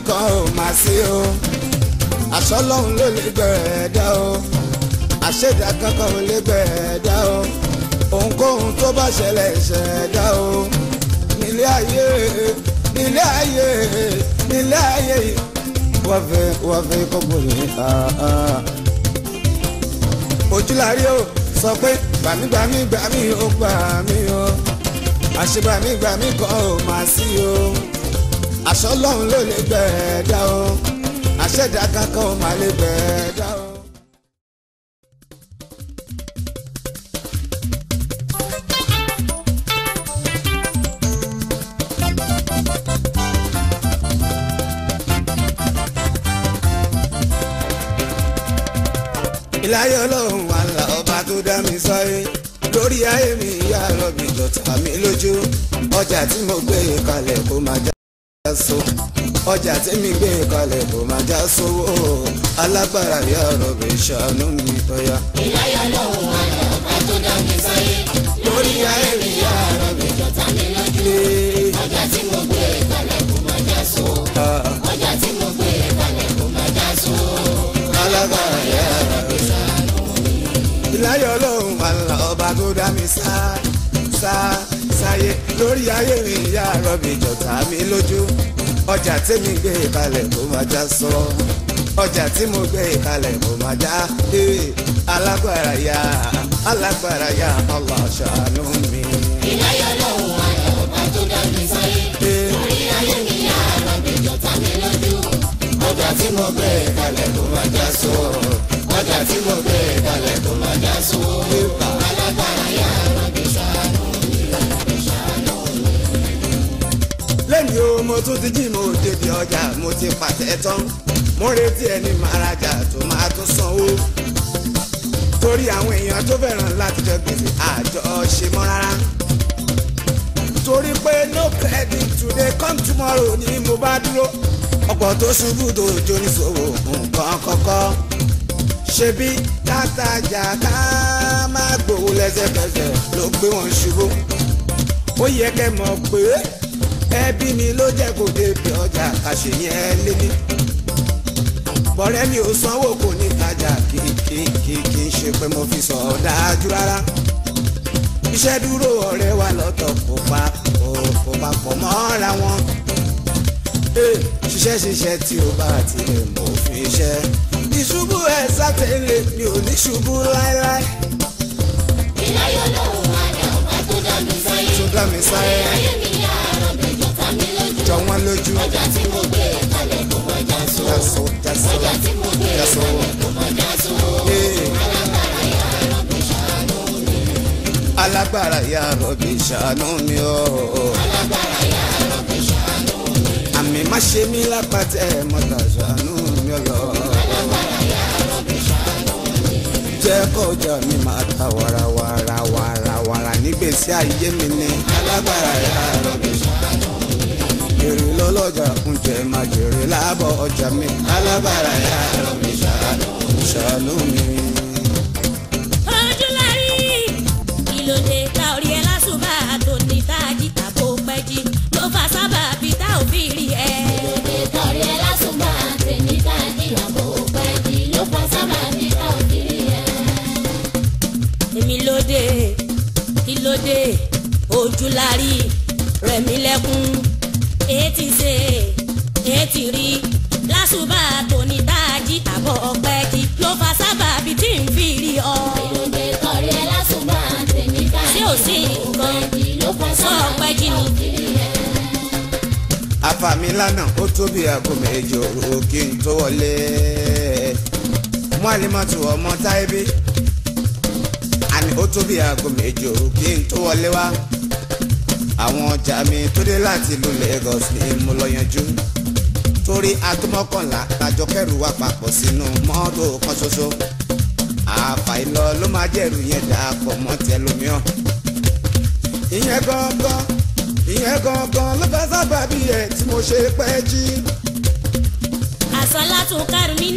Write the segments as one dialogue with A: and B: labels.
A: nìkan ò mà sí o àṣọ lọ́hùn ló lè bẹ̀rẹ̀ dá o àṣẹ̀dá kankan ò lè bẹ̀rẹ̀ dá o ohunkóhun tó bá ṣẹlẹ̀ ṣẹ̀dá o nílé ayé nílé ayé nílé ayé wọ́n fẹ́ wọ́n fẹ́ ojúlárí o sọ pé gbàmígbàmí gbàmí ó gbàmí o àṣegbàmígbàmí kan ò mà sí o àṣọ ọlọ́run ló lè bẹ̀ẹ́ dá o àṣẹ̀dá kankan ò má lè bẹ̀ẹ́ dá o. láyé ọlọ́run wà lá ọba tó dá mi sáyé lórí ayé mi ìyá rọ̀bì dọ̀tà mi lójú ọjà tí mo gbé kalẹ̀ kó máa já so ọjà tí mi gbé kalẹ̀ kò má já sówó alágbára ìyá ọ̀rọ̀ mi ṣàánú mi tọ́yà.
B: ìláyà lọ́hùn ayọ̀ ọba tó dá mi sáyé lórí ayé mi ọ̀rọ̀ mi jọ̀tá mi lójú ọjà tí mo gbé kalẹ̀ kò má já sówó ọjà tí mo gbé kalẹ̀ kò má já sówó alágbára ìyá ọ̀rọ̀ mi ṣàánú
A: mi. ìláyà lọ́hùn ayọ̀ ọba tó dá mi sáyé sáyé sáyé lórí ayé mi ìyá rọ̀bì jọ̀tà mi lójú ọjà tí mi gbé ìbalẹ̀ kó máa já sọ ọjà tí mo gbé ìbalẹ̀ kó máa já alágbára yá alágbára yá Allah ṣàánú mi.
B: ìláyà lọ́hùn ayọ̀ ọba tó dá mi sáyé lórí ayé mi ìyá rọ̀bì jọ̀tà mi lójú ọjà tí mo gbé ìbalẹ̀ kó máa já sọ ọjà tí mo gbé ìbalẹ̀ kó máa já sọ.
A: yìí o mo tún ti jí mo débi ọjà mo ti pàtẹ tán mo retí ẹni máa rajà tó máa tún sanwó torí àwọn èèyàn tó fẹ́ràn láti jọ gbèsè àjọ ṣe mọ́ rárá torí pé no credit today come tomorrow ni mo bá dúró ọ̀pọ̀ tó ṣubú dojo níṣòwò nǹkan kọ́kọ́ ṣebí tátajà ká má gbòó lẹ́sẹ̀kẹsẹ̀ ló gbé wọn ṣubú ó yẹ kẹ́ mọ̀ pé ẹbí mi ló jẹ́ kó débi ọjà àṣeyẹn lé ní. bọ̀rẹ́ mi ò sanwó kò ní tajà kì í kì ṣe pé mo fi sọ ọ́ dájú rárá. iṣẹ́ dúró ọ̀rẹ́ wa lọ́tọ̀ kò pa kò papọ̀ mọ́ra wọn. Eh, ṣiṣẹ́ ṣiṣẹ́ tí o bá tilẹ̀ mọ̀ fi iṣẹ́. ìṣubú ẹ̀ sátẹ̀lẹ̀ mi ò ní ṣubú láéláé. ìláyọ̀ lọ́hùn-ún àdàbà tó dá mi sáyé. tó dá mi sáyé jọ wọ́n lójú. ọjà tí mo gbé kalẹ̀ kó má já so. jaso jaso ọjà tí mo gbé kalẹ̀ kó má já so. alágbára ya rọ̀bì ṣàánú mi. alágbára ya rọ̀bì ṣàánú mi o. alágbára ya rọ̀bì ṣàánú mi. àmì má ṣe mí lápàtẹ́ mọ́tà ṣàánú mi lọ. alágbára ya rọ̀bì ṣàánú mi. jẹ́ kọjá mi máa ta wàràwàrà wàràwàrà nígbèsí ayé mi ni. alágbára ya rọ̀bì ṣàánú mi ọlọ́jà ń jẹ máa jèrè láàbọ̀ ọjà mi. alábàárà yà lọ mi ṣàánú. ṣàánú mi.
C: ojúlárí ìlòdè ta orí ẹ lásùbà tó ní táàjì tàbó pẹ́jì tó ní táàjì tàbó pẹ́jì ló fà sábà bí tá ò fi rí ẹ. èmi lóde kí lóde ojúlárí lẹ́kún ètì ṣe ètì rí lásùbà tòní tá a jí àbọ̀ ọ̀pẹ́ jí ló fa sábàbí tí ń fi rí ọ. ìlúgbẹ kọrí ẹ lásùbà tòní tá a jí ọ̀pẹ́ jí ló fa sábàbí tí ń fi rí ẹ.
A: àfàmìlànà ó tóbi aago méje òru kí n tó wọlé Mwalimatu ọmọ Táíbí àní ó tóbi aago méje òru kí n tó wọlé wá àwọn ọjà mi tó dé láti ìlú Lagos ni mo lọ yanjú torí atúmọ̀kànlá lájọ kẹrù wa papọ̀ sínú mọ́tò kan ṣoṣo àfàìlọ ló máa jẹ́rù yẹn dàpọ̀ mọ́ tẹlómiọ́ ìyẹn gangan ìyẹn gangan ló fẹ́ sábàbí ẹ̀ tí mo ṣe pẹ́ jí.
C: àsọlá tún kárùn mí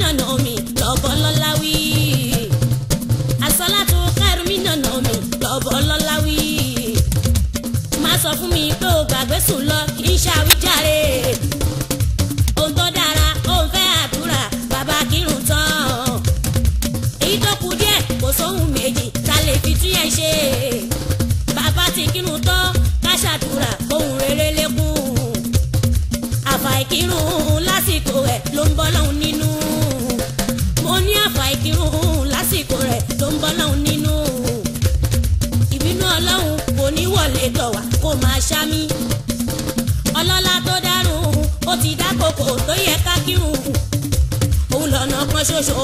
C: sùn lọ kì í ṣàwíjàre. àsìkò tó yẹ ká kírun òun lọ́nà kan ṣoṣo.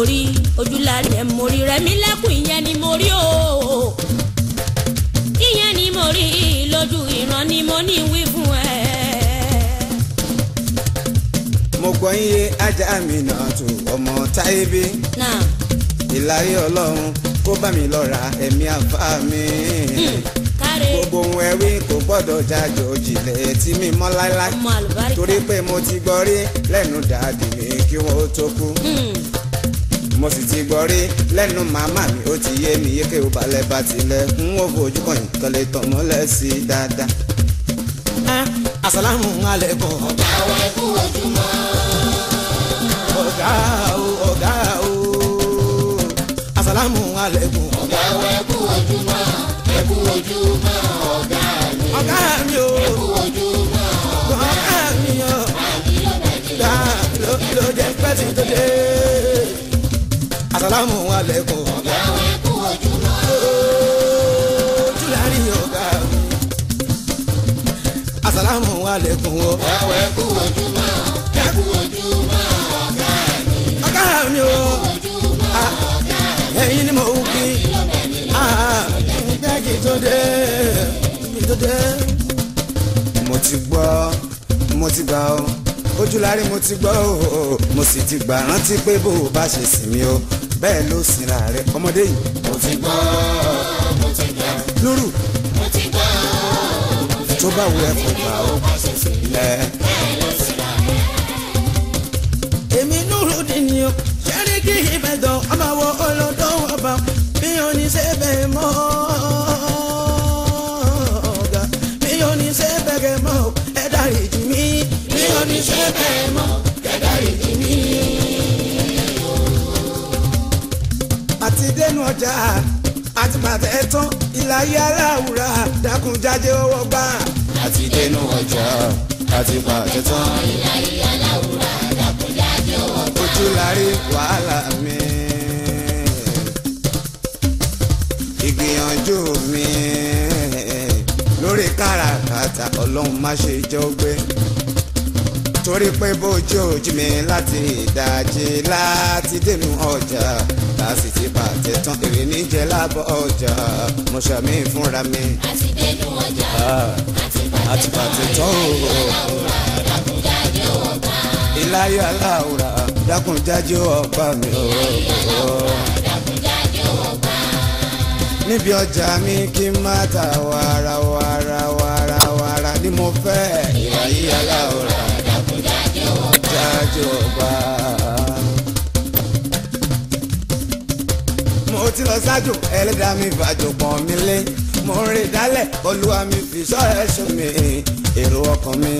C: orí ojúlálẹ̀ mórí rẹ̀mí lẹ́kùn ìyẹn ni mo rí o ìyẹn ni mo rí lójú ìran ni mo ní wí fún ẹ.
A: mo gbọ́ iye ajá mi náà tù ọmọ táyébí ìláyé ọlọ́run kó bá mi lọ́ra ẹ̀mí àfá mi. Mm gbogbo ohun ẹ wí kò gbọ́dọ̀ jájọ òjìlẹ̀ tí mi mọ́ láéláé torí pé mo ti gbọ́ rí lẹ́nu dàdí kí wọ́n tó kú. Hmm mo sì ti gbọ́ rí lẹ́nu màmá mi ó ti yé mi yékè ó balẹ̀ bá tilẹ̀ ń wò fojú kan yìí lè tàn mọ́lẹ̀ sí i dáadáa. asalamu alaikum. ọ̀gá wa kú ojúmọ́. ọ̀gá o ọ̀gá o asalamu alaikum. ọ̀gá wa kú ojúmọ́ ẹ kú ojúmọ́ ọ̀gá mi. ọ̀gá mi o ẹ kú
B: ojúmọ́
A: ọ̀gá mi o. àbí ló bẹ̀ jẹ́ lóde pẹ́ tí tó dé salamu alaikum. ọ̀gá wẹ̀ kú ojúmọ́. ojú la rí ọ̀gá. asalamu alaikum o. ọ̀gá wẹ̀ kú ojúmọ́. ẹ kú ojúmọ́ ọ̀gá mi. ọ̀gá mi o. ẹ̀yin ni mo ń kí. ǹjẹ́ kí n tó dé kí n tó dé. mo ti gbọ́ mo ti gbà ọ́ ojúlárí mo ti gbọ́ o mo sì ti gbà rántí pé bó o bá ṣe sìn o bẹ́ẹ̀ ló sinra rẹ̀ ọmọdé yìí. mo ti gbọ́ mo ti gbà. lóru. mo ti gbọ́ mo ti gbà. tó bá wù ẹ́ kó gbà ó. bẹ́ẹ̀ ló sinra rẹ̀. èmi nùrù dín ní o sẹ́ríkì ìbàdàn ọmọ wo olódó ọba mi ò ní ṣe bẹ́ẹ̀ mọ́ ọ̀gá mi ò ní ṣe bẹ́ẹ̀ mọ́ ẹ̀dá rìjì mi mi ò ní ṣe bẹ́ẹ̀ mọ́ ẹ̀dá rìjì ọjà àtìpàtẹ́ tán ìlàyé aláwùrà dákun jáde ọwọ́ gbà. àti dénú ọjà àtìpàtẹ́ tán ìlàyé aláwùrà dákun jáde ọwọ́ gbà. ojú la wàhálà mi ìgbìyànjú mi lórí káràkátà ọlọ́run má ṣe jọ torí pé bójú ojú mi láti ìdajì láti dénú ọjà láti ti bàjẹ́ tán èrè níjẹ́ lábọ̀ ọjà mo ṣàmì fúnra mi. àti
B: dénú ọjà
A: àti ah, bàjẹ́ tán èrè láwùrà lákùnjà yóò ọba. iláyà láwùrà lákùnjà yóò ọba mi. iláyà láwùrà lákùnjà ọba. níbi ọjà mi kí n má ta wàrà wàrà wàrà wàrà ni mo fẹ́. iláyà láwùrà jọba. mo ti lọ ṣáájú ẹlẹ́dàá mi fàjọpọ̀ mi lé mo ń rìn dálẹ̀ olúwa mi fi ṣọ́ ẹ̀ṣọ́ mi èrò ọkàn mi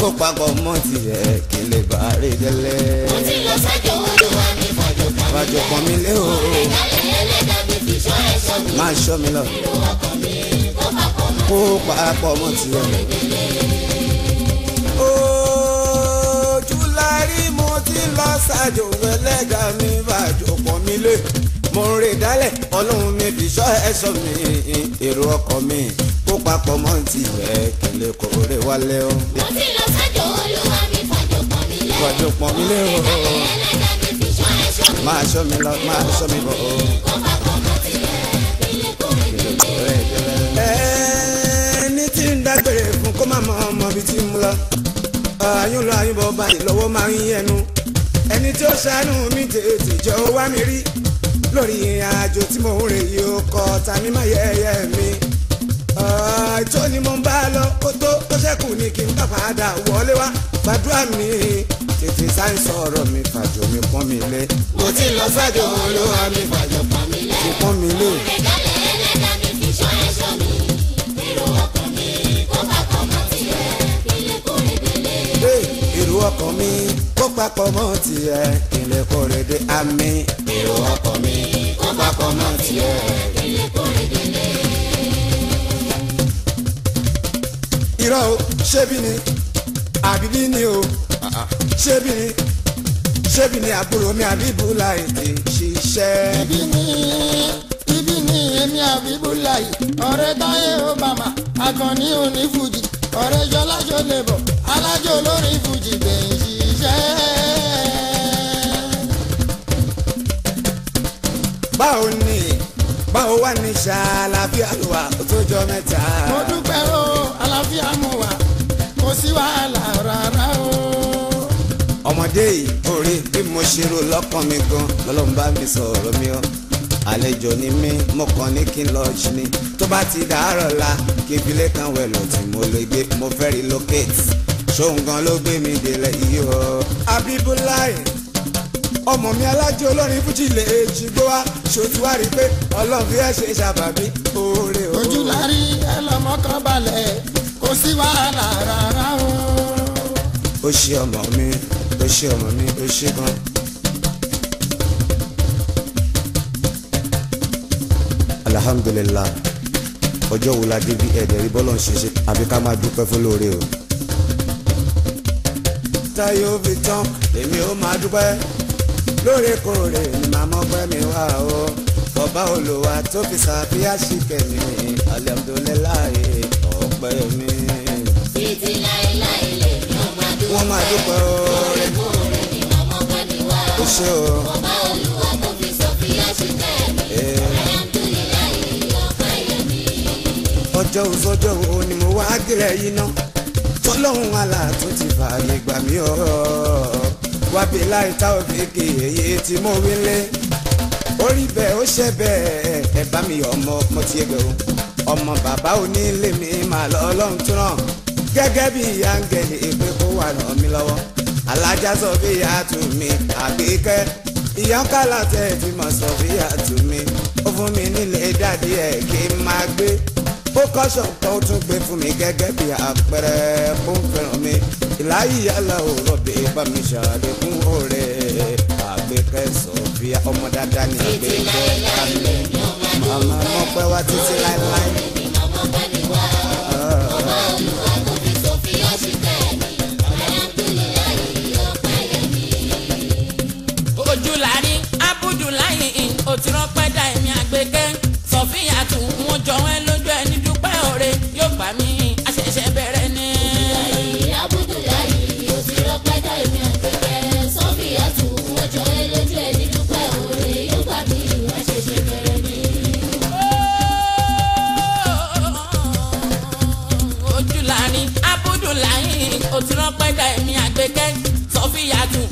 A: kó papọ̀ mọ́ tiẹ̀ kí n lè bá a rí délé. mo ti lọ ṣáájú olúwa mi fàjọpọ̀ mi lé o. mo ń rìn dálẹ̀ ẹlẹ́dàá mi fi ṣọ́ ẹ̀ṣọ́ mi. máa ṣọ́ mi lọ. èrò ọkàn mi kó papọ̀ mọ́ tiẹ̀ kí lè bá a rí délé. tí lọ ṣàjò ẹlẹ́gà mi bàjò pọ̀ mi lé mo ń rè dálẹ̀ ọlọ́run mi fi ṣọ́ ẹ̀ṣọ́ mi èrò ọkọ̀ mi kó papọ̀ mọ́ ti rẹ̀ kẹlẹ́ kò rè wálé o. mo ti lọ ṣàjò olúwa mi fàjò pọ̀ mi lé fàjò mi lé o. mo rè dálẹ̀ ẹlẹ́gà mi fi ṣọ́ ẹ̀ṣọ́ mi máa ṣọ́ mi lọ máa ṣọ́ mi bọ̀ o. kó papọ̀ mọ́ ti rẹ̀ kẹlẹ́ kò rè wálé ẹni tí ń dágbére fún kó má mọ ọmọ bíi tí ń lọ àyùnlọ àyùnbọ̀ báyìí lọ́wọ́ máa ń yẹnu ẹni tí ó ṣàánú mi tètè jọ wá mi rí lórí ìrìn àjò tí mò ń rìn yìí ó kọ ta mi má yẹyẹ mi ètò ni mo ń bá lọ kó tó tó ṣẹ́kù ni kí n bá padà wọlé wá gbàdúrà mi tètè sáyẹn sọ̀rọ̀ mi fàjò mi pọ́n mi lé. mo ti lọ sájò wọn ló wá mi fàjò pọ́n mi lé. pọ́n mi lé. ọ̀rẹ́dálẹ̀ mi kó papọ̀ mọ́ tiẹ̀ ilé kórèdè àmì. èrò ọkọ̀ mi kó papọ̀ mọ́ tiẹ̀ ilé kórèdè mi. irọ́ o ṣébi ni àbíbí ni o ah, ah. ṣébi ni ṣébi ni àbúrò mi àbíbú láì lè ṣiṣẹ́. ibi ni ibi ni
D: èmi àbíbú láì ọ̀rẹ́ táyé obama akànni onífújì ọ̀rẹ́ jọlájọ
A: lè bọ̀ alájọ olórin fújì bẹ́ẹ̀ yìí jẹ́. báwo ni báwo wà ní ṣá àlàáfíà ló wà tó jọ mẹ́ta. mo dúpẹ́ o àlàáfíà mo wà
D: kò sí wàhálà rárá o.
A: ọmọdé yìí orí bí mo ṣe rò lọ́kàn mi gan lọ́lọ́run bá mi sọ̀rọ̀ mi o àlejò ni mí mo kàn ní kí n lọ jí ni tó bá ti dàárọ̀ la kí n filé kan wẹ̀ lọ mo lè gbé mo fẹ́ relocate ṣòun gan ló gbé mi délẹ̀ yìí o. Abibulai ọmọ mi alájẹ olórin fújì lè ṣùgbọ́ wa ṣòtú wá rí i pé ọlọ́run fi ẹ̀ ṣe ṣàbàbí oore o. ojú la rí ẹlọmọkàn balẹ̀ kò sí wàhálà rárá o. ó ṣe ọmọ mi ó ṣe ọmọ mi ó ṣe gan. alhamdulillah ọjọ́ wo la débi ẹ̀dẹ̀ rí bọ́lọ̀ ń ṣe ṣe àbí ká máa dúpẹ́ fún lóore o táyé ó fi tán èmi ó máa dúpẹ́ lóòrèkóòrè ni màá mọ́pẹ́ mi wá o ọba olùwà tó fi sàbíyá sí kẹ̀mí alhamdulilayi ọpẹ́ mi. títí láéláé lè ní wọ́n máa dúpẹ́ o lóòrèkóòrè ni màá mọ́pẹ́ mi wá o ọba olùwà tó fi sàbíyá sí kẹ̀mí ọjọ́ òfojọ́ òní mo wá gírẹ̀ yìí náà tọ́lọ́hún aláàtún ti fààyè gbà mí o wábí láì tá òfìkì èyí tí mo wí lé orí bẹ́ẹ̀ ó ṣe bẹ́ẹ̀ ẹ bá mi ọmọ mo ti yege o ọmọ bàbá onílé mi máa lọ ọlọ́run tún ràn gẹ́gẹ́ bí ìyá ń gẹ̀lẹ́ èpè kó wà ràn mí lọ́wọ́ alájà sọ bí ìyá tù mí àbíkẹ́ ìyá ń kálá tẹ̀ fi mọ̀ sọ bí ìyá tù mí ó fún mi nílé dáadé ẹ̀ kí n máa gbé vocation kan tún gbé fún mi gẹ́gẹ́ bí àpẹẹrẹ ó fẹ́ràn mi ìláyé yálà ò rọ̀bì bá mi ṣàlékún ọ̀rẹ́ àgbékẹ́ Sofia ọmọ dáadáa ní àgbékẹ́ kálẹ̀ màmá mọ́pẹ́ wá títí láéláé. ọmọ olùwà kò
B: fi Sofia ah. ṣìkẹ́.
D: I do.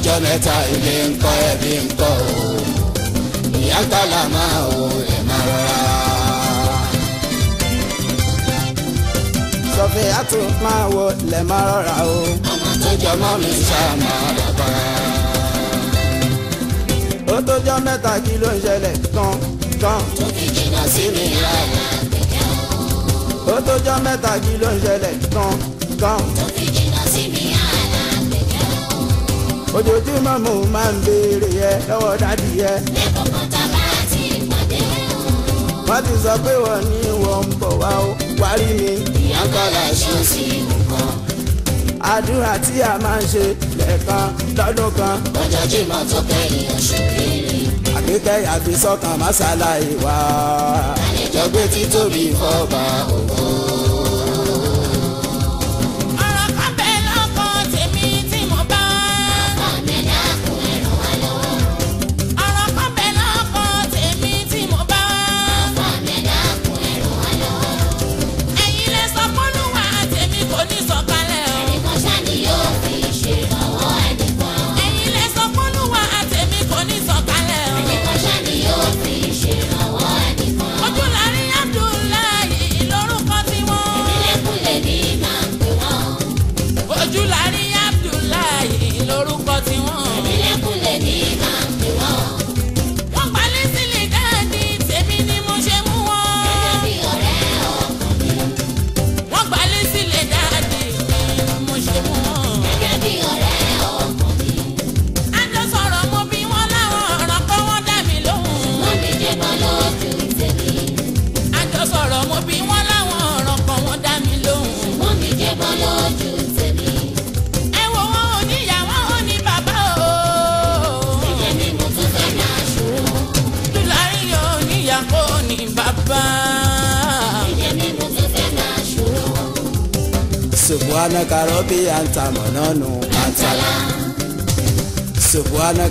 A: lọ́jọ́ mẹ́ta ilé ń kọ́ ẹbí ń kọ́ o ìyá gbàlà máa o ẹ̀ máa rọra. sọfẹ́ àtò máa wo lẹ̀ máa rọra o. ọmọ tó jọ mọ́ mi ṣáà máa bàbá. ó tó jọ mẹ́ta kí ló ń ṣẹlẹ̀ tán tán. tó fi jìnnà sí mi ra wà ó tó jọ mẹ́ta kí ló ń ṣẹlẹ̀ tán tán. tó fi jìnnà sí mi ojoojúmọ́ mo máa ń béèrè ẹ lọ́wọ́ dádì ẹ. lẹ́kọ̀ọ́ kan tá a bá ti pàdé o. wọ́n ti sọ pé wọ́n ní wọ́n ń bọ̀ wá o wárí mi. ìyàgbọ́lá ṣe é sí ìwúkọ́. àdúrà tí a máa ń ṣe lẹ́ẹ̀kan lọ́dún kan. ojoojúmọ́ tó kẹ́yìn oṣù kéré. àgbékẹ́yà fi sọ́kàn má ṣàlàyé wá. àlejò gbé títóbi fọ́ bá òun.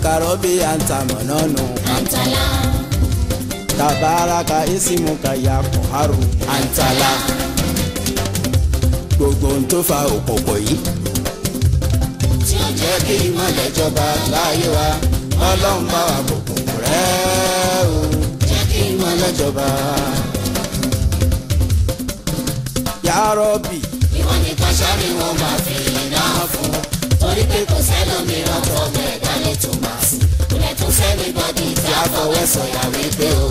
A: karobi antamanonu antala tabaraka isimu kaya kuharu antala gbogbo ń tó fa òkòkò yìí tí ó jẹ́ kí ìmọ̀lẹ̀ jọba láyé wa ọlọ́run bá wa bùkún rẹ̀ o jẹ́ kí ìmọ̀lẹ̀ jọba. yàrá bì. ìwọ ni kọ́sọ́rì wọn máa fi iná fún un torí pé kò sẹ́lòmíràn tó ọmọ ẹ̀dá lè tún máa sìn kúlẹ̀ tún sẹ́ni bọ́dí tí a fọwọ́ sọ̀yà wípé o.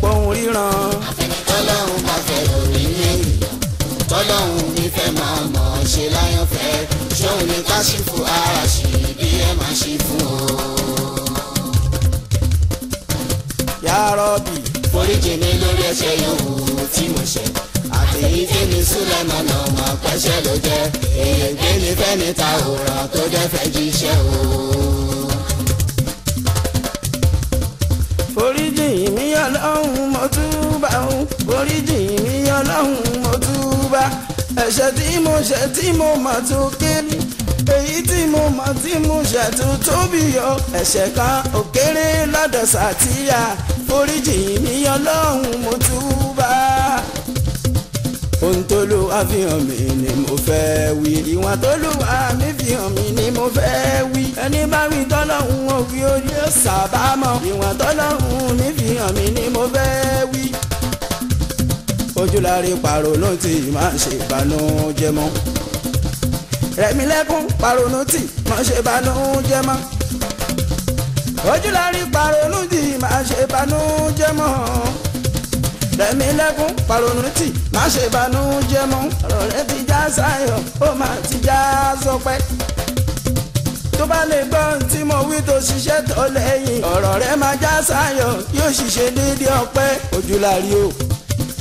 A: pohùn ríran. àfẹnitọ́lọ́hún bá fẹ́ lórí ilé ènìyàn tọ́lọ́hún nífẹ̀ẹ́ máa mọ̀ ọ́ ṣe láyọ̀fẹ́ ṣóun ní káṣífù aráṣì bí ẹ máa ṣí fún o. yàrá ọ̀bì. foríjì mi lórí ẹ̀ṣẹ̀ yòówù tí mo ṣẹ̀ èyí tí ní súlẹ̀mọ̀ náà mọ̀ pẹ́sẹ́ ló jẹ́ èyí gbé ní fẹ́ni ta òràn tó jẹ́ fẹ́ jíṣẹ́ o. foríjì mi ọlọ́run mo túbà o foríjì mi ọlọ́run mo túbà ẹ̀ṣẹ̀ tí mo ṣẹ̀ tí mo mọ̀ tó kéré èyí tí mo mọ̀ tí mo ṣẹ̀ tó tóbi yọ ẹ̀ṣẹ̀ kan ò kéré lọ́dọ̀ sàtíyà foríjì mi ọlọ́run mo túbà ohun tó lù wá fi hàn mí ni mo fẹ́ wí ìwọ̀n tó lù wá mi fi hàn mí ni mo fẹ́ wí ẹni bá wí tọ́lọ́hún ó fi ojú ṣàbámọ̀ ìwọ̀n tọ́lọ́hún mi fi hàn mí ni mo fẹ́ wí ojúlárí pàrònú tí máa ń ṣe ìbànújẹ́ mọ́ rẹ̀mílẹ́kún pàrònú tí máa ń ṣe ìbànújẹ́ mọ́ ojúlárí pàrònú tí máa ń ṣe ìbànújẹ́ mọ́ rẹ̀mí lẹ́kún pàrọ̀nù tì má ṣe banú jẹ́ mọ́ ọ̀rọ̀ rẹ ti já sáyọ̀ ó má ti já sọpẹ́. tó bá lè gbọ́ tí mo wí tó ṣiṣẹ́ tó lẹ́yìn ọ̀rọ̀ rẹ máa já sáyọ̀ yóò ṣiṣẹ́ dídí ọpẹ́ ojúlárí o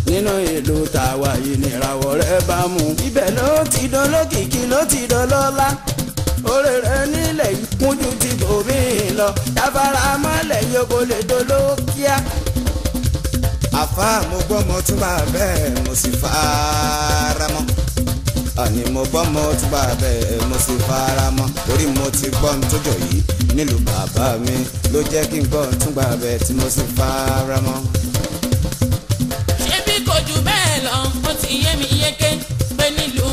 A: nínú ìlú tàwa yìí nìràwọ̀ rẹ bá mú. ibẹ̀ ló ti dán lókìkí ló ti dán lọ́lá orí rẹ nílẹ̀ kúnjú ti bòmí lọ jáfara mọ́lẹ̀ yóò kó lè dolókíá àfa mo gbọ́ mo tún bá bẹ́ẹ̀ mo sì fara mọ́ àní mo gbọ́ mo tún bá bẹ́ẹ̀ mo sì fara mọ́ torí mo ti gbọ́ n tó yìí nílùú bàbá mi ló jẹ́ kí n gbọ́ tún gbà bẹ́ẹ̀ tí mo sì fara mọ́.
D: ṣé bí kò jù bẹ́ẹ̀ lọ ó ti yé mi yéké pé nílùú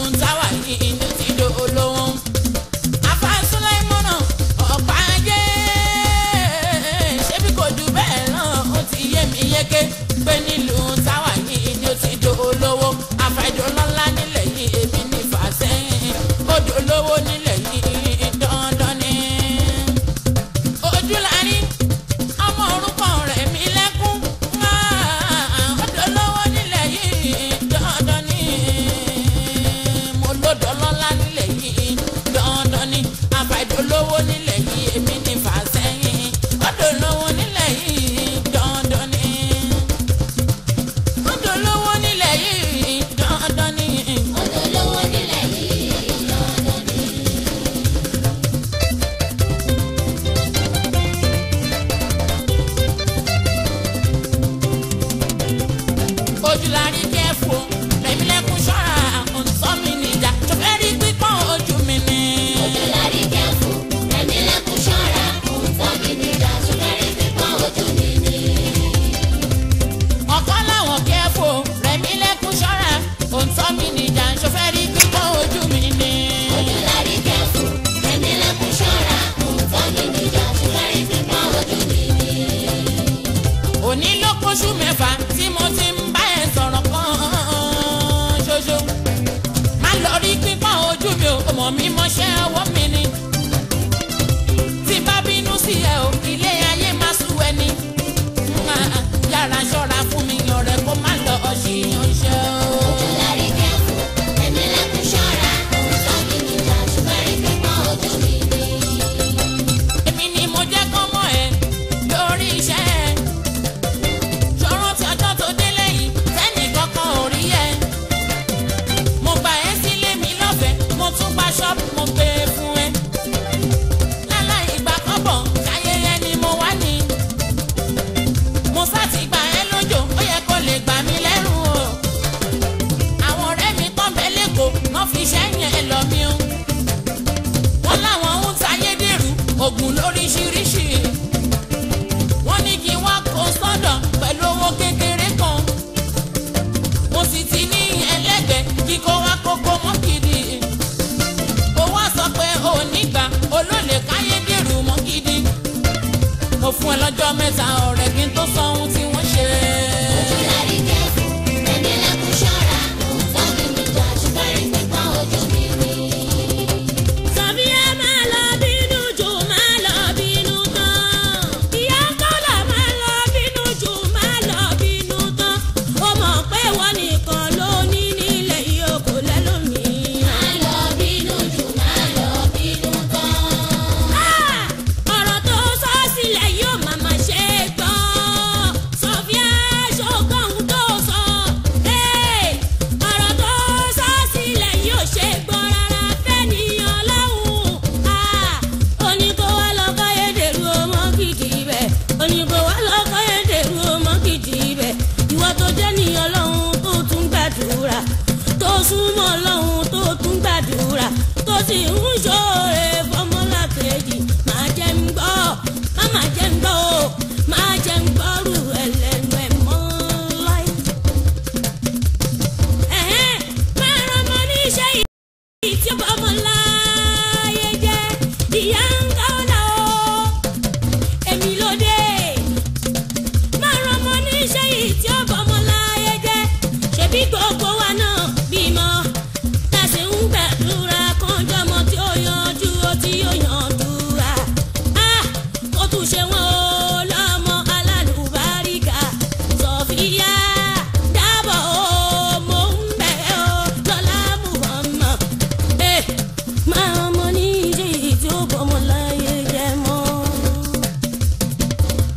C: wá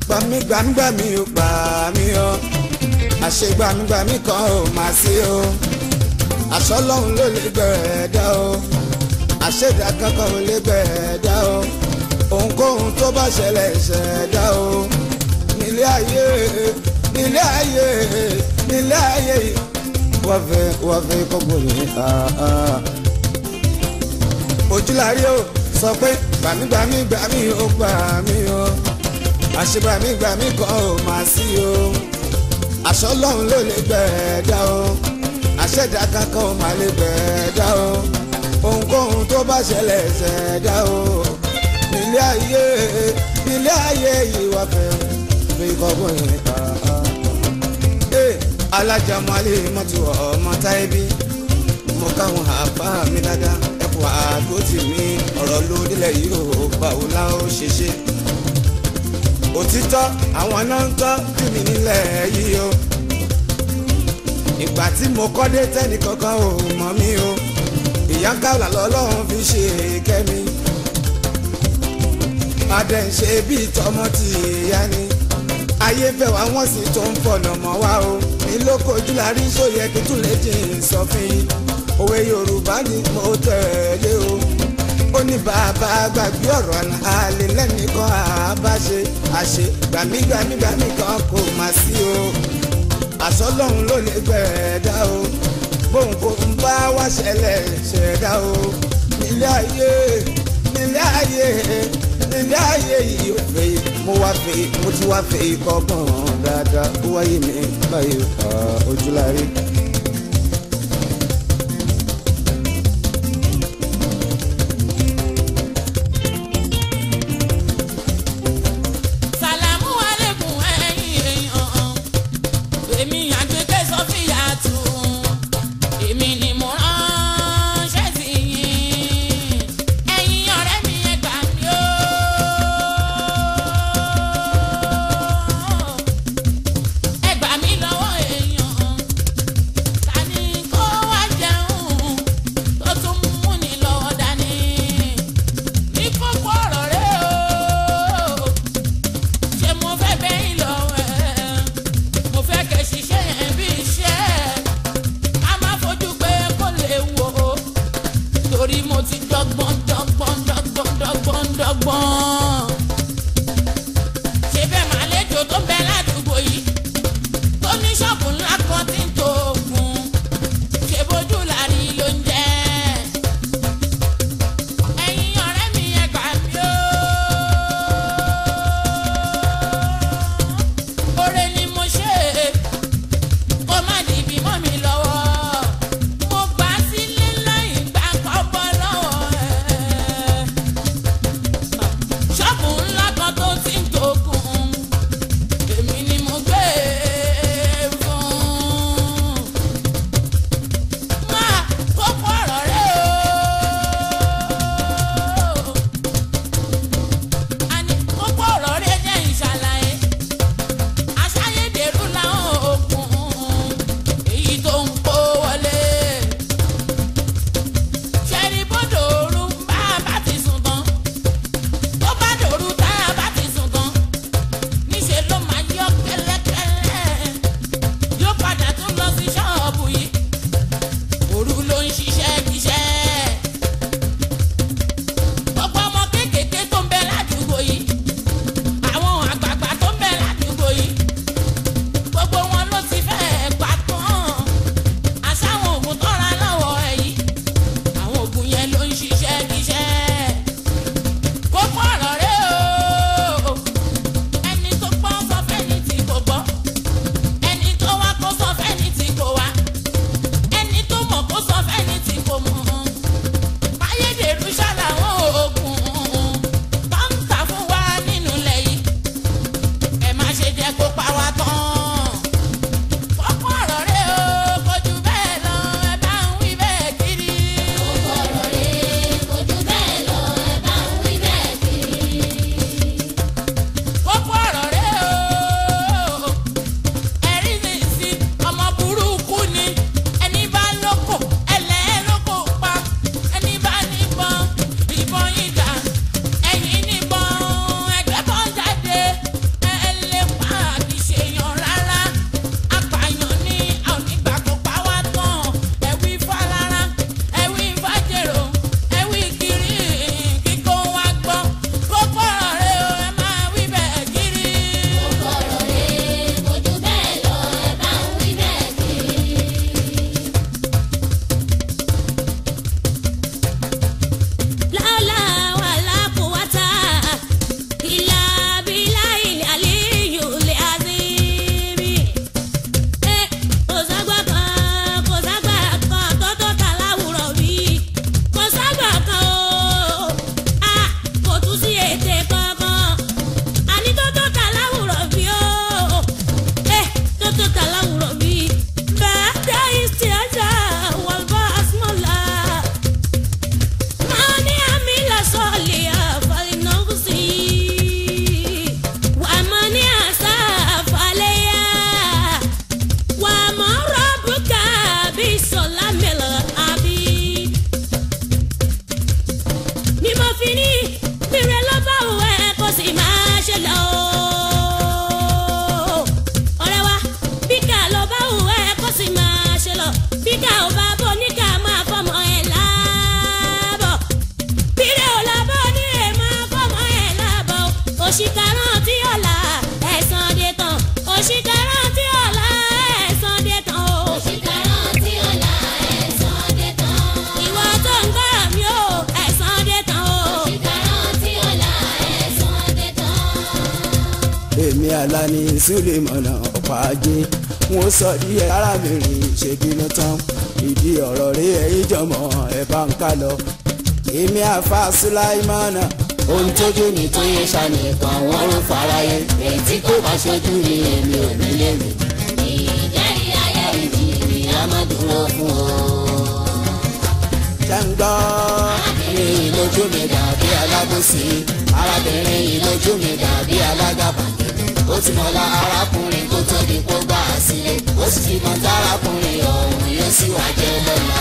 A: gbàmí gbàmígbàmí ò gbà mí o àṣẹ gbàmígbàmí kan ò má sí o àṣọ lọ́hùn ló lè gbẹ̀rẹ̀ dá o àṣẹ ìdá kankan ò lè gbẹ̀rẹ̀ dá o ohunkóhun tó bá ṣẹlẹ̀ ṣẹ̀dá o nílé ayé nílé ayé nílé ayé wọ́n fẹ́ wọ́n fẹ́ kọ́kọ́ yìí. Ah, ah ojúlárí o sọ pé gbàmígbàmí gbàmí o gbàmí o àṣegbàmí gbàmí kan ò máa sí o àṣọ ọlọ́run ló lè gbẹ̀ẹ́dá o àṣẹ̀dá kankan ò lè gbẹ̀ẹ́dá o ohunkóhun tó bá ṣẹlẹ̀ ṣẹ̀dá o nílé ayé nílé ayé yìí wà fẹ́ fi kọ́gbọ́n yìí ká. alájà mọ́lẹ́ mọ́tò ọmọ táyé bí mo àbá mi dáadáa wà á tó tì mí ọ̀rọ̀ ló nílẹ̀ yìí ò báwo la ó ṣe ṣe. òtítọ́ àwọn náà ń tọ́ jù mí nílẹ̀ yìí o. ìgbà tí mo kọ́dé tẹ́nì kankan ò mọ̀ mí o. ìyá kàwlà lọ́lọ́run fi ṣe kẹ́mi. bàdẹ̀ ń ṣe bíi tọmọ ti ìyá ni. ayé fẹ́ wá wọ́n sì tó fọ̀nà mọ́ wá o. mi ló kojú la rí sóyẹ kí tún jìn sọ fún yín òwe yorùbá ni mo tẹ̀lé o ó ní bàbá gbàgbé ọ̀rọ̀ àlè lẹ́nìkan àbáṣe àṣe gbàmígbàmígbàmí kan kò má sí o àsọlọ́hún ló lè gbẹ̀ẹ́dá o bóun kò ń bá wá ṣẹlẹ̀ ṣẹ̀dá o nílé ayé nílé ayé nílé ayé yìí ò fẹ́ mo wá fẹ́ mo ti wá fẹ́ kọ́gbọ́n dáadáa ó wáyé mi báyìí ojúlárí. Alani Sulemana ọ̀pá ajé wọn sọ díẹ̀ arábìnrin ṣèbínú tán ìdí ọ̀rọ̀ rí ẹ̀yìn jọmọ ẹ̀ bá ń ká lọ. èmi àfa Sulaimana ohun tójú ni tó yẹ sani kan wọn ń faraye èyí kò bá ṣojú ni èmi ò ní lè rí. ìjẹ́rìí ayé ìjì ni a máa dúró fún ọ. ṣé ń gbọ́ ní mi dàbí alábòsí arábìnrin ìlójú mi dàbí alágàbàgì ó ti mọ̀lá arákùnrin kó tó di kó gbà á sílé ó sì fi mọ̀tá arákùnrin ọ̀hún yóò sì wá jẹ́ lọ́la.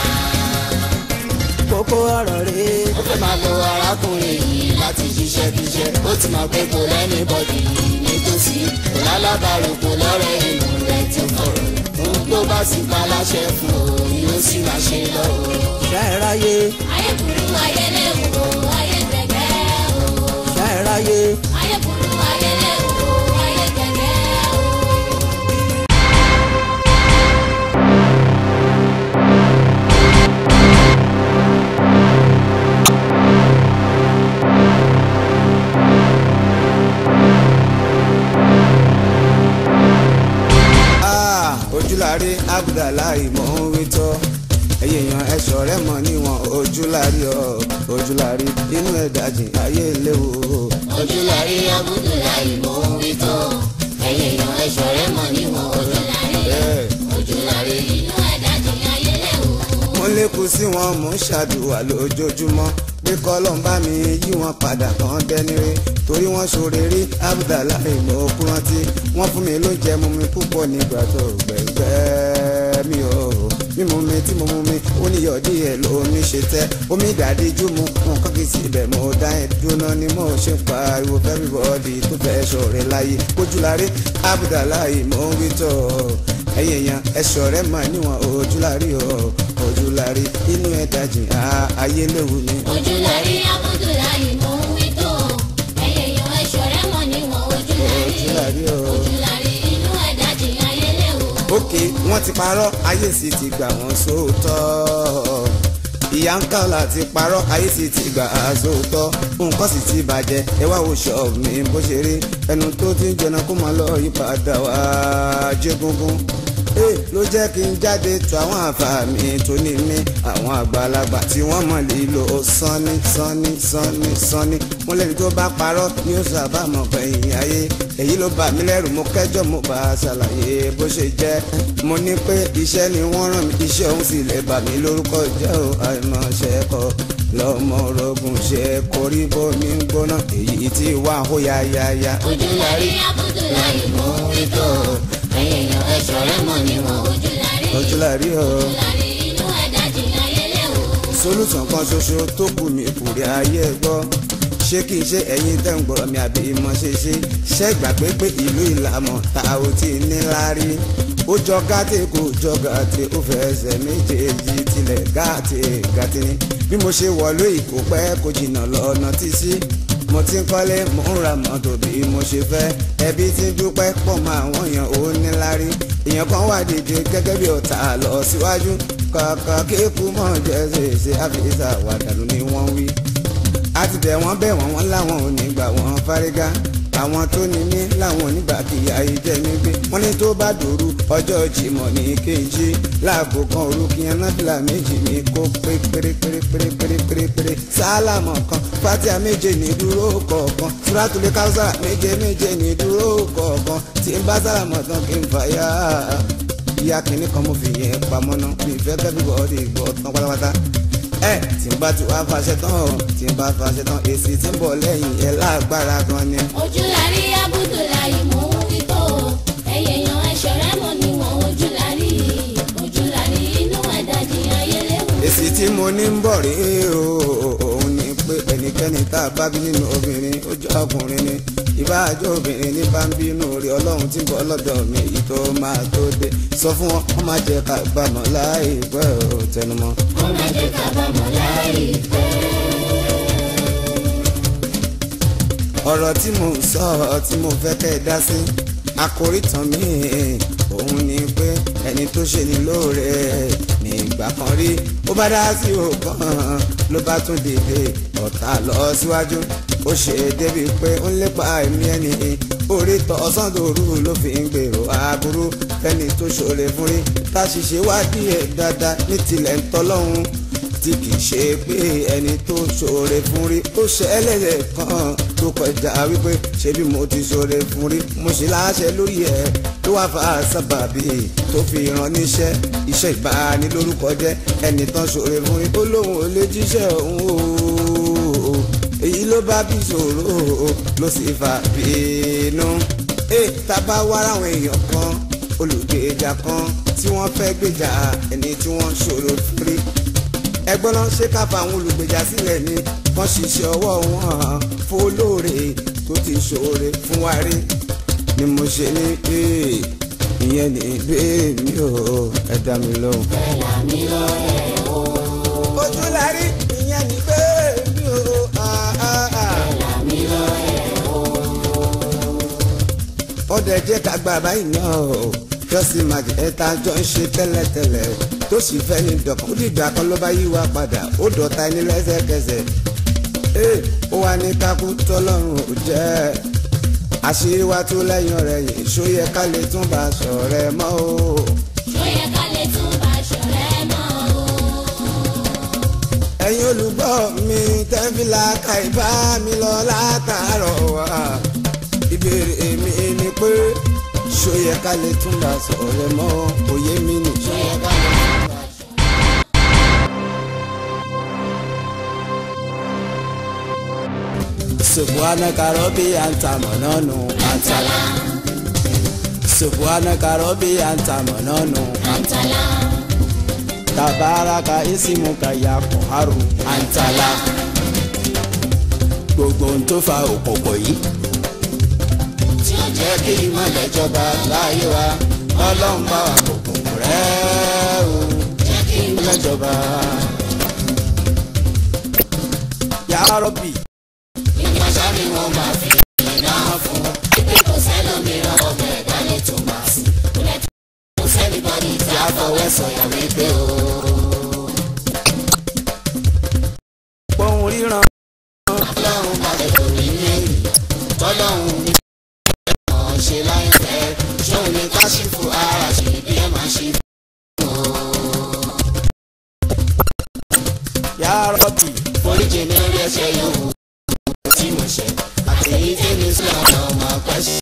A: kókó ọ̀rọ̀ rè é. ó fẹ́ máa lo arákùnrin yìí láti ṣiṣẹ́ bíṣẹ́ ó ti mọ̀ pé kò lẹ́ni bọ́dì nítòsí kò lálábàárò kò lọ́rẹ̀ inú rẹ̀ tó fọ̀rọ̀ fún tó bá sì pa láṣẹ fún òun yóò sì máa ṣe lọ́wọ́. ṣáìráyé.
B: ayé burú ayé lẹ́wọ̀ ayé gbẹ̀gbẹ́ o.
A: ṣáìráyé. àwọn ṣòrèrè abdullahi mo kúrántí wọ́n fún mi lóúnjẹ mú mi púpọ̀ nígbà tó gbẹgbẹ́ mi ò mímú mi tí mo mú mi ó níyọ̀ díẹ̀ lómi ṣe tẹ́ omi ìdàdí jú mu nǹkan kì í mo dá ẹ̀ dúná ni mo ṣe ń pariwo everybody tó fẹ́ ṣọ̀rẹ́ láyé kójúlárí abdullahi mo ń wí tọ̀ ẹ̀yìn èèyàn ẹ̀ṣọ́ rẹ̀ mà níwọ̀n ojúlárí o ojúlárí inú ẹ̀dájì ayé léwu ni. ojúlárí abud òkè wọ́n ti parọ́ ayé sì ti gbà wọ́n sóòótọ́ ìyá ń kàlà ti parọ́ ayé sì ti gbà á sóòótọ́ nǹkan sì ti bàjẹ́ ẹ wo ṣọ́ọ̀bù bó ṣe rí ẹnu tó ti ń jẹun kó máa lọ yípadà wá jégúngún. Eh, ló jẹ́ kí n jáde tó àwọn àfàmì tó ní mí àwọn àgbàlagbà tí wọ́n mọ̀ lílo sanni sanni sanni sanni mo lẹ́ni tó bá parọ́ ni ó sábà mọ̀ pẹ̀yìn ayé èyí ló bà mí lẹ́rù mo kẹ́jọ́ mo bá a ṣàlàyé bó ṣe jẹ́ mo ní pé iṣẹ́ ni wọ́n rán mi iṣẹ́ òun sì lè bà mí lórúkọ jẹ́ ò àìmọ̀ṣẹ́ kọ lọ́mọ orogun ṣe korí bómi ń gbóná èyí tí wàá hó ojú lórí àbùdó láì mú ìtò èèyàn o inú o. solúsàn kan ṣoṣo tó kù ní ìkùrẹ́ ayé gbọ́ ṣé kí n ṣe ẹ̀yin tẹ́ ń gbọ́rọ̀ mi àbí ìmọ̀ ṣe ṣe ṣẹ́ gbà pé pé ìlú ìlàmọ̀ ta ò ti ní láárí ó jọ gàtè kò jọ gàtè ó fẹsẹ̀ méjèèjì tilẹ̀ gàtè gàtè ni bí mo ṣe wọlé ìkópẹ́ kò jìnnà lọ́nà tí sí mo ti ń kọ́lé mo ń ra mọ́tò bí mo ṣe fẹ́ ẹbí ti dúpẹ́ pọ̀ mọ́ àwọn èèyàn ò níláárí èèyàn kan wà dìde gẹ́gẹ́ bí ọ̀tá lọ síwájú kàkà kéèkù mọ̀ jẹ́sẹ̀ ṣe àfihàn àwàdàlú ni wọ́n wí. a ti bẹ̀ wọ́n bẹ̀ wọ́n wọ́n láwọn ò ní gbà wọ́n fárígá àwọn tó ní mí làwọn oníbàbí ayé jẹ mí gbé wọn ní tó bá dòru ọjọ́ jìmọ̀ ní kejì láàbò kan orúkí anábìlà méjì mi kó pé pérépérépérépérépéré sálámọ̀ kan fatia méje ní dúró kọ̀ọ̀kan turatule káwùsà méje méje ní dúró kọ̀ọ̀kan tí ń bá sálámọ̀ tán kí n fàyà ìyá kìnnìkan mo fi yẹn pamọ́ náà mi fẹ́ kẹ́bí bọ́ọ̀dì gbọ́ tán pátápátá ẹ eh, tí n bá ti wá fàṣẹ tán o tí n bá fàṣẹ tán èsì tí ń bọ̀ lẹ́yìn ẹ lágbára gan ni.
C: ojú la rí abudu láyé mò ń wí tó ẹyẹ yan ẹṣọ rẹ mọ níwọ̀n ojú
B: la ojú la rí inú àdájì ayéléwu.
A: èsì tí mo ní ń bọ̀ rí o òun ni pé ẹnikẹ́ni tá a bá bí nínú obìnrin ó ọkùnrin ni ìbáàjọ́ obìnrin ní bá ń bínú rí ọlọ́run tí ń bọ̀ lọ́dọ̀ mi yìí tó máa tó dé sọ fún wọn kó má jẹ́ ká bàmọ̀ láìpẹ́ ò tẹnumọ́. kó
B: má jẹ́ ká bàmọ̀ láìpẹ́.
A: ọ̀rọ̀ tí mo sọ tí mo fẹ́ kẹ́ ẹ dá sí àkòrí tán mi òun ni pé ẹni tó ṣe ni lóore ìgbà kan rí ó bá dá sí òkan ló bá tún dìde ọ̀tá lọ síwájú ó ṣe débi pé ó ń lépa ẹ̀mí ẹni orí tọ ọsán dòru ló fi ń gbèrò aburú fẹ́ni tó ṣòro fún rí tá a ṣiṣẹ́ dáadáa ní tilẹ̀ ń tọ́lọ́hún tí kì í ṣe pé ẹni tó ṣoore fún rí ó ṣẹlẹ̀ kan tó kọjá wípé ṣé bí mo ti ṣoore fún rí mo ṣe láṣẹ lórí ẹ ló wá fa sábàbí tó fi rán níṣẹ́ iṣẹ́ ìbanilórúkọ jẹ́ ẹni tán ṣoore fún rí ó lóun ò lè jíṣẹ́ òun o èyí ló bá bí ṣòro ló sì fà bínú. ẹ tábà wá ráwọn èèyàn kan olùgbèjà kan tí wọ́n fẹ́ gbèjà ẹni tí wọ́n ṣòro fún rí ẹgbọ́n náà ṣé ká fa àwọn olùgbèjà sílẹ̀ ni wọ́n ṣiṣẹ́ ọwọ́ wọn hàn fólóore tó ti ṣoore fún wa rí ni mo ṣe ní pé ìyẹn ní pé mi ò ẹ dá mi lóhùn. ẹ dá mi lóhùn. ojú la rí ìyẹn ní pé mi ẹ dá mi jọ ń ṣe tẹ́lẹ̀tẹ́lẹ̀ tó sì fẹ́ ní dọ̀pọ̀ ó dìgbà kan ló bá yí wa padà ó dọ̀tá ẹni lẹ́sẹ̀kẹsẹ̀ ee eh, ó wà ní takú tọ́lọ́run ò jẹ́ àṣírí wa tó lẹ́yìn rẹ̀ yìí ṣó yẹ ká lè tún bá ṣọ̀rẹ́ mọ́ o.
B: ṣó ká lè tún bá ṣọ̀rẹ́ mọ́ o.
A: ẹ̀yin olùgbọ́ mi tẹ́fìlà ka ìbá mi lọ látàárọ̀ wá ìbéèrè èmi ni pé ṣó yẹ ká lè tún ra sọ̀rọ̀ mọ́ òye mi nì. ṣó yẹ ká lè tún ra. Subhanaka Rabbi anta mananu antala. Subhanaka Rabbi anta mananu antala. Tabaraka isimuka ya kuharu antala. Gbogbo n tó fa òkòkò yìí jẹ́ kí ìmọ̀lẹ̀ jọba láyé wa ọlọ́run bá wa kòkòrò rẹ̀ o jẹ́ kí ìmọ̀lẹ̀ jọba. yàrá rọ̀bì. ìyànjọ́ ni wọ́n máa fi iná
B: fún pé kò sẹ́lòmíràn ọmọ ẹ̀dá lè tó máa sí sẹ́ni bọ́dí ìjà fọwọ́ sọ̀yà wípé o. pohùn ríran. ṣe láìpẹ́ ṣóun ní káṣífù ara ṣì bí ẹ máa ṣe fún un. yàrá bì foríjì ní orí ẹsẹ̀ yòówù tí mo ṣe àtẹ̀yí tẹ́lẹ̀ sílẹ̀ ọ̀nà ọmọ àpẹ́ṣẹ́.